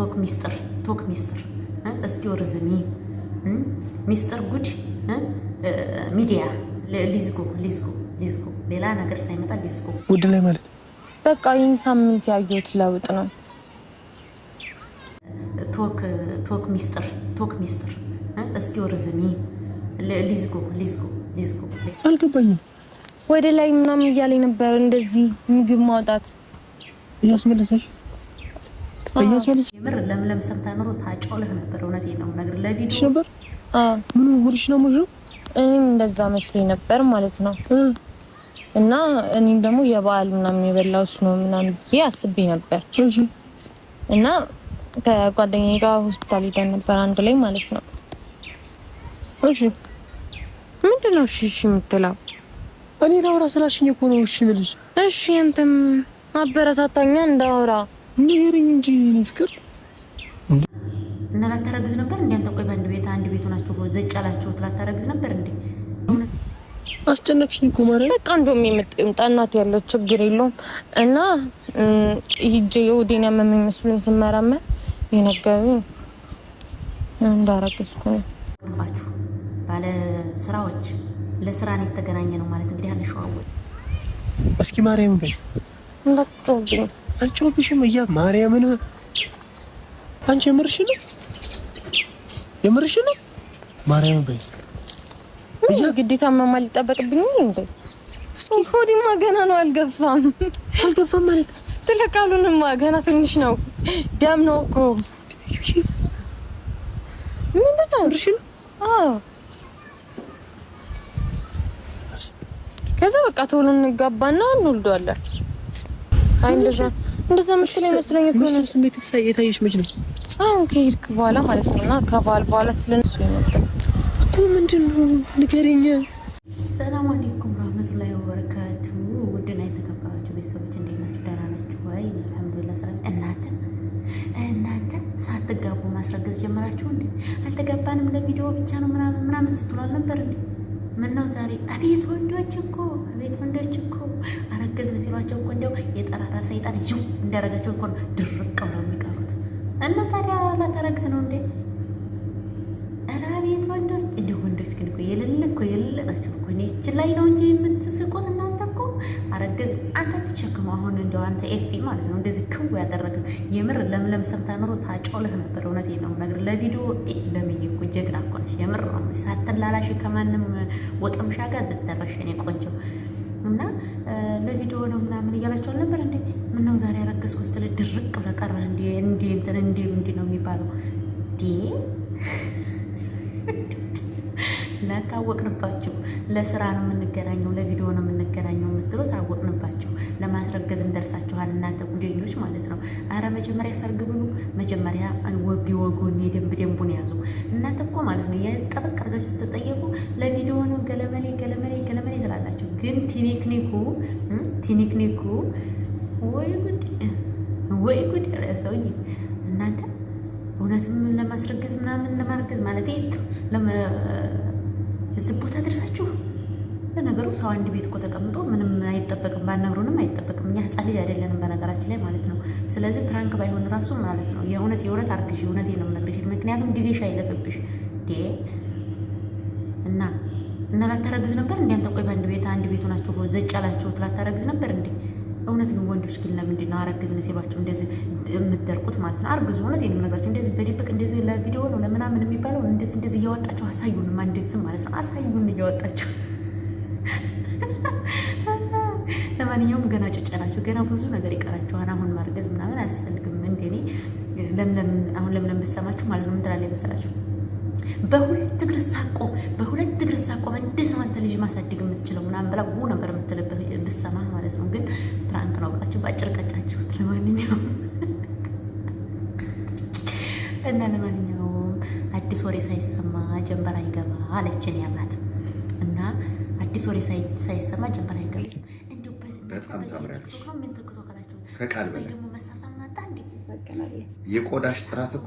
ቶክ ሚስጥር ቶክ ሚስጥር እስኪወርዝሚ ሚስጥር ጉድ ሚዲያ ሊዝጎ ሊዝጎ ሊዝጎ ሌላ ነገር ሳይመጣ ሊዝጎ ውድ ላይ ማለት በቃ ይህን ሳምንት ያየሁት ለውጥ ነው። ቶክ ቶክ ሚስጥር ቶክ ሚስጥር እስኪወርዝሚ ሊዝጎ ሊዝጎ ሊዝጎ አልገባኝም። ወደ ላይ ምናምን እያለኝ ነበር እንደዚህ ምግብ ማውጣት እያስመለሰሽ የምር ለምለም ሰምታ ኖሮ ታጮለህ ነበር። እውነቴን ነው ነገር ለቪዲዮ ነበር። ምን ጉድሽ ነው ሙሉ። እኔም እንደዛ መስሎኝ ነበር ማለት ነው። እና እኔም ደግሞ የበዓል ምናምን የበላሁት ነው ምናምን ብዬ አስቤ ነበር እና ከጓደኛ ጋር ሆስፒታል ሄደን ነበር አንድ ላይ ማለት ነው። እሺ ምንድን ነው እሺ እሺ የምትለው? እኔ ላውራ ስላልሽኝ እኮ ነው እሺ የምልሽ። እሺ አንተም አበረታታኛ እንዳውራ ንገረኝ እንጂ ፍቅር እና ላታረግዝ ነበር እንዴ? አንተ ቆይ በአንድ ቤት አንድ ቤት ሆናችሁ ዘጭ አላችሁት። ላታረግዝ ነበር እንዴ? አስጨነቅሽኝ እኮ ማርያም። በቃ እንደውም የምትምጣ እናት ያለው ችግር የለውም እና ሂጄ የወዴን ያመመኝ መስሎኝ ስመረመር የነገሩኝ እንዳረግዝኩ ነው። ባችሁ ባለ ስራዎች ለስራ ነው የተገናኘ ነው ማለት እንግዲህ አንሸዋወል። እስኪ ማርያም በይ እንዳትጮህብኝ አልጮህብሽም እያ ማርያምን አንቺ የምርሽ ነው የምርሽ ነው ማርያም በይ እያ ግዴታ ማማ ሊጠበቅብኝ እንዴ ሆድማ ገና ነው አልገፋም አልገፋም ማለት ትለቃሉንማ ገና ትንሽ ነው ዳም ነው እኮ ምንድን ነው ምርሽ ነው አዎ ከዛ በቃ ቶሎ እንጋባና እንወልደዋለን አይ እንደዛ እንደዛ ምሽል ይመስለኝ እኮ ነው። ስሜት የታየሽ መች ነው? አሁን ከሄድክ በኋላ ማለት ነው። እና ከበዓል በኋላ ስለነሱ ይመጣል እኮ ምንድን ነው ንገሪኝ። ሰላም አለይኩም ረህመቱላሂ ወበረካቱ። ውድና የተከበራችሁ ቤተሰቦች እንዴት ናችሁ? ደህና ናችሁ ወይ? አልሐምዱሊላህ ሰላም። እናንተ እናንተ ሳትጋቡ ማስረገዝ ጀመራችሁ እንዴ? አልተጋባንም ለቪዲዮ ብቻ ነው ምናምን ምናምን ስትሏል ነበር እንዴ? ምን ነው ዛሬ? አቤት ወንዶች እኮ አቤት ወንዶች እኮ የጠራራ ሰይጣን ይው እንዳረጋቸው እኮ ድርቅ ብለው የሚቀሩት እና ታዲያ ላታረግዝ ነው እንዴ? እራቤት ወንዶች! እንደ ወንዶች ግን እኮ የሌለ እኮ የሌለ ናቸው እኮ ይችን ላይ ነው እንጂ የምትስቁት እናንተ እኮ አረገዝ አንተ ትቸክሙ። አሁን እንደው አንተ ኤፊ ማለት ነው እንደዚህ ክው ያደረግም የምር ለምለም ሰምታ ኑሮ ታጮልህ ነበር። እውነት ነው ነገር ለቪዲዮ ለምዬ እኮ ጀግና እኮ ነሽ የምር ሳትላላሽ ከማንም ወጥምሻ ጋር ዝደረሽ የእኔ ቆንጆ እና ለቪዲዮ ነው ምናምን እያላቸው ነበር። እንዴ? ምነው ዛሬ ያረገዝ ውስጥ ድርቅ ብለህ ቀርበህ እንዲ እንዲ እንትን እንዲ እንዲ ነው የሚባለው ዴ ላታወቅንባቸው ለስራ ነው የምንገናኘው፣ ለቪዲዮ ነው የምንገናኘው የምትሉ አወቅንባቸው ለማስረገዝም ደርሳችኋል እናንተ ጉደኞች ማለት ነው። አረ መጀመሪያ ሰርግ ብሉ፣ መጀመሪያ ወግ ወጉን፣ የደንብ ደንቡን ያዙ። እናንተ እኮ ማለት ነው የጠበቅ አድርጋችሁ ስትጠየቁ ለቪዲዮ ነው ገለመሌ ገለመሌ ገለመሌ ትላላችሁ። ግን ቲኒክኒኩ ቲኒክኒኩ ወይ ጉድ ወይ ጉድ ያለ ሰውዬ እናንተ እውነትም ለማስረገዝ ምናምን ለማርገዝ ማለት እዚህ ቦታ ደርሳችሁ ለነገሩ ሰው አንድ ቤት እኮ ተቀምጦ ምንም አይጠበቅም፣ ባነግሩንም አይጠበቅም። እኛ ህፃን ልጅ አይደለንም በነገራችን ላይ ማለት ነው። ስለዚህ ፕራንክ ባይሆን ራሱ ማለት ነው የእውነት የእውነት አርግሽ እውነት ነው የምነግርሽ፣ ምክንያቱም ጊዜሽ አይለፍብሽ እና እና ላታረግዝ ነበር እንዲ አንተ ቆይ፣ በአንድ ቤት አንድ ቤቱ ናችሁ ዘጭ አላችሁት ላታረግዝ ነበር እንዴ? እውነት ግን ወንዶች ግን ለምንድን ነው አረግዝን ሴባቸው እንደዚህ የምትደርቁት ማለት ነው? አርግዙ። እውነት ይህንም ነገራቸው እንደዚህ በድብቅ እንደዚህ ለቪዲዮ ነው ለምናምን የሚባለው እንደዚህ እንደዚህ እያወጣቸው አሳዩን እንደዚህም ማለት ነው አሳዩን እያወጣቸው ለማንኛውም ገና ጭጨ ናቸው። ገና ብዙ ነገር ይቀራችኋል። አሁን ማርገዝ ምናምን አያስፈልግም። እንደኔ ለምለም አሁን ለምለም ብሰማችሁ ማለት ነው ምን ትላለች መሰላችሁ? በሁለት እግር ሳቆም በሁለት እግር ሳቆም እንዴት ነው አንተ ልጅ ማሳደግ የምትችለው ምናምን ብላ ው ነበር የምትልበት ብሰማ ማለት ነው። ግን ፕራንክ ነው ብላችሁ በአጭር ቀጫችሁት። ለማንኛውም እና ለማንኛውም አዲስ ወሬ ሳይሰማ ጀንበር አይገባ አለችን ያላት እና አዲስ ወሬ ሳይሰማ ጀንበር አይገባ ከቃል በላይ የቆዳሽ ጥራት እኮ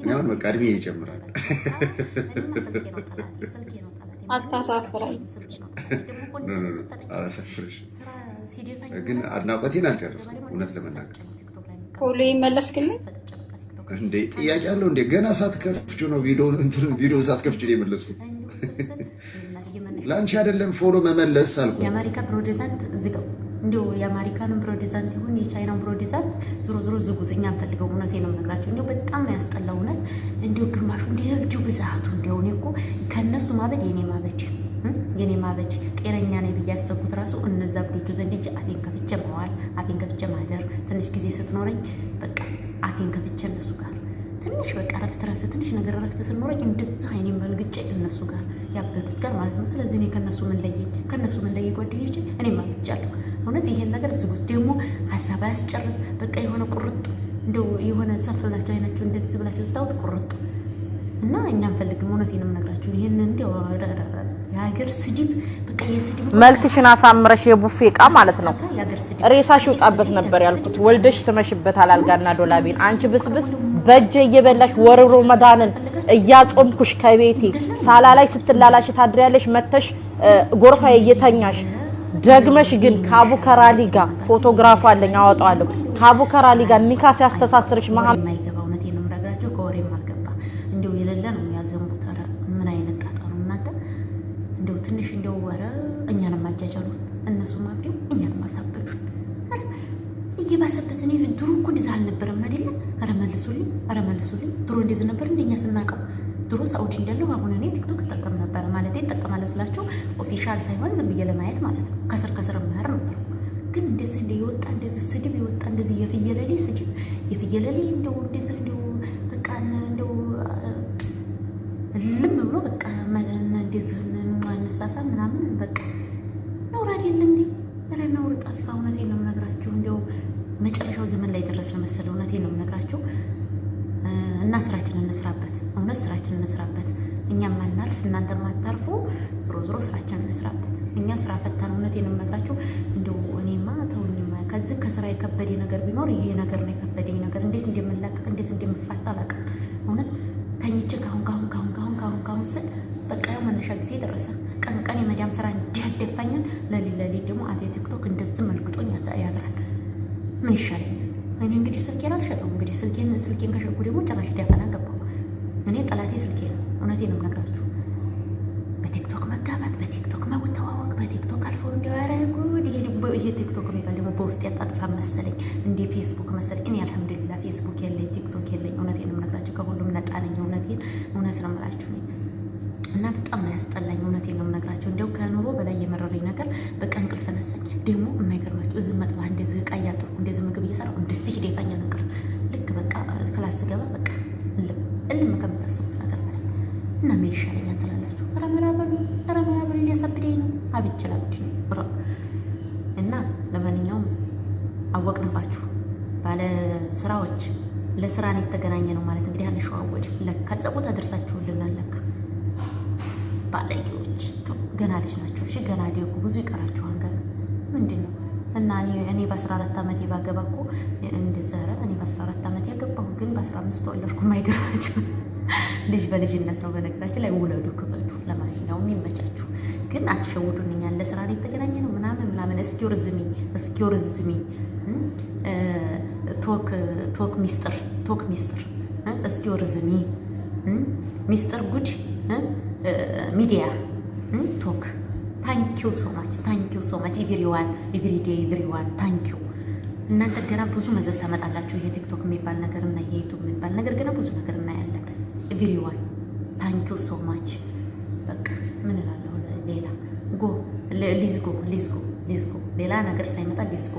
እኔ አሁን በቃ እድሜ ይጨምራል። አታሳፍራኝ። ግን አድናቆቴን አልጨረስኩም። እውነት ለመናገር ቶሎ ይመለስክልኝ እንዴ? ጥያቄ አለው እንዴ? ገና ሳትከፍቹ ነው ቪዲዮን ቪዲዮ ሳትከፍቹ ነው የመለስኩት። ለአንቺ አይደለም ፎሎ መመለስ አልኩ። የአሜሪካ ፕሮቴስታንት ዝጋው እንዲሁ የአሜሪካንን ብሮዲዛንት ይሁን የቻይናን ብሮዲዛንት ዝሮ ዝሮ ዝጉት። እኛ ንፈልገው እውነቴ ነው የምነግራቸው። እንዲሁ በጣም ነው ያስጠላ እውነት። እንዲሁ ግማሹ እንዲ እብጁ ብዛቱ እንዲሆን እኮ ከእነሱ ማበድ የኔ ማበድ የኔ ማበድ ጤነኛ ነኝ ብዬ ያሰብኩት ራሱ እነዛ እብዶቹ ዘንድ እጅ አፌን ከፍቼ መዋል አፌን ከፍቼ ማደር ትንሽ ጊዜ ስትኖረኝ በቃ አፌን ከፍቼ እነሱ ጋር ትንሽ በቃ ረፍት ረፍት ትንሽ ነገር ረፍት ስንኖረኝ እንደዚህ አይኔን መልግጬ እነሱ ጋር ያበዱት ጋር ማለት ነው። ስለዚህ እኔ ከነሱ ምን ለየኝ? ከነሱ ምን ለየ ጓደኞች? እኔ ማለጃለሁ። እውነት ይሄን ነገር ዝጉት ደግሞ ሀሳብ አያስጨርስ። በቃ የሆነ ቁርጥ እንደው የሆነ ሰፍ ብላችሁ አይናችሁ እንደዚህ ብላችሁ ስታውት ቁርጥ እና እኛ አንፈልግም። እውነቴን ነው የምነግራችሁ ይህን እንዲያው የሀገር ስድብ በቃ የስድብ መልክሽን አሳምረሽ የቡፌ እቃ ማለት ነው። ሬሳሽ ይውጣበት ነበር ያልኩት። ወልደሽ ስመሽበታል አልጋና ዶላቤን። አንቺ ብስብስ በእጄ እየበላሽ ወርሮ መዳንን እያጾምኩሽ ከቤቴ ሳላ ላይ ስትላላሽ ታድሪያለሽ። መተሽ ጎርፋ እየተኛሽ ደግመሽ ግን ከአቡከራሊ ጋር ፎቶግራፍ አለኝ አወጣዋለሁ። ከአቡከራሊ ጋር ኒካ ሲያስተሳስርሽ መሀል የባሰበት እኔ ድሮ እኮ እንደዛ አልነበረም አይደለ? ኧረ መልሱልኝ፣ ኧረ መልሱልኝ። ድሮ እንደዚ ነበር እንደኛ ስናውቀው ድሮ ሳኡዲ እንዳለው አሁን እኔ ቲክቶክ እጠቀም ነበረ ማለት እጠቀማለሁ ስላቸው ኦፊሻል ሳይሆን ዝም ብዬ ለማየት ማለት ነው። ከስር ከስር መር ነበር ግን እንደዚህ እንደ የወጣ እንደዚህ ስድብ የወጣ እንደዚህ የፍየለሌ ስድብ የፍየለሌ እንደው እንደዚህ እንደው በቃ እንደው ልም ብሎ በቃ እንደዚህ እንሳሳ ምናምን በቃ ነውራድ የለ እንዴ መጨረሻው ዘመን ላይ ደረስን መሰለ። እውነቴን ነው የምነግራችሁ እና ስራችንን እንስራበት። እውነት ስራችንን እንስራበት። እኛ ማናርፍ እናንተ ማታርፉ፣ ዞሮ ዞሮ ስራችንን እንስራበት። እኛ ስራ ፈታን። እውነቴን ነው የምነግራችሁ። እንደው እኔማ ተውኝማ። ከዚህ ከስራ የከበደኝ ነገር ቢኖር ይሄ ነገር ነው። የከበደኝ ነገር እንዴት እንደምላቀቅ እንዴት እንደምፋታ አላውቅም። እውነት ተኝቼ ካሁን ካሁን ካሁን ካሁን ካሁን ካሁን ስል በቃ ያው መነሻ ጊዜ ደረሰ ቀን ምን ይሻለኛል? እኔ እንግዲህ ስልኬን አልሸጠው። እንግዲህ ስልኬን ስልኬን ከሸጥኩ ደግሞ ጭራሽ ደፈና ገባው። እኔ ጠላቴ ስልኬ ነው። እውነቴን ነው የምነግራችሁ። በቲክቶክ መጋባት፣ በቲክቶክ መተዋወቅ፣ በቲክቶክ አልፎ እንዲያረ ይሄ ቲክቶክ የሚባል ደግሞ በውስጥ ያጣጥፋ መሰለኝ፣ እንደ ፌስቡክ መሰለኝ። እኔ አልሐምዱሊላ ፌስቡክ የለኝ፣ ቲክቶክ የለኝ። እውነቴን ነው የምነግራችሁ። ከሁሉም ነጣ ነኝ። እውነቴን እውነት ነው የምላችሁ። እና በጣም ነው ያስጠላኝ። እውነቴን ነው የምነግራቸው። እንዲያው ከኑሮ በላይ የመረረኝ ነገር በቃ እንቅልፍ ነሳኝ። ደግሞ የማይገርማቸው እዚህ መጥባ እንደዚህ ዕቃ እያጠብኩ እንደዚህ ምግብ እየሰራሁ እንደዚህ ሄደ ነገር ልክ በቃ ክላስ ስገባ በቃ እልም እልም ከምታስቡት ነገር ማለት እና ምን ይሻለኛል ትላላችሁ? ረመራበሉ ረመራበሉ ሊያሳብደኝ ነው አብችላብድ ነው እና ለማንኛውም አወቅንባችሁ ባለ ስራዎች ለስራ ነው የተገናኘ ነው ማለት እንግዲህ አንሸዋወድ ለካ ጸቦታ ደርሳችሁልናል ለካ ባለጌዎች ገና ልጅ ናቸው። እሺ ገና ሊወጉ ብዙ ይቀራቸዋል። ገና ምንድን ነው እና እኔ በአስራ አራት ዓመቴ ባገባ እኮ እንድዘረ እኔ በአስራ አራት ዓመቴ ያገባሁ ግን በአስራ አምስት ወለድኩ። የማይገርማቸው ልጅ በልጅነት ነው። በነገራችን ላይ ውለዱ፣ ክበዱ። ለማንኛውም ይመቻችሁ። ግን አትሸውዱን። ለስራ ላይ የተገናኘ ነው ምናምን ምናምን። እስኪር ርዝሚ፣ እስኪር ርዝሚ። ቶክ ቶክ ሚስጥር፣ ቶክ ሚስጥር፣ እስኪ ርዝሚ ሚስጥር ጉድ ሚዲያ ቶክ ታንኪው ሶማች ታንኪው ሶማች ኢቭሪዋን ኢቭሪዴ ኢቭሪዋን ታንኪው። እናንተ ገና ብዙ መዘዝ ታመጣላችሁ። ይሄ ቲክቶክ የሚባል ነገር እና ይሄ ዩቱብ የሚባል ነገር ገና ብዙ ነገር እናያለን። ኢቭሪዋን ታንኪው ሶማች። በቃ ምን እላለሁ ሌላ ጎ ሊዝጎ ሊዝጎ ሊዝጎ ሌላ ነገር ሳይመጣ ሊዝጎ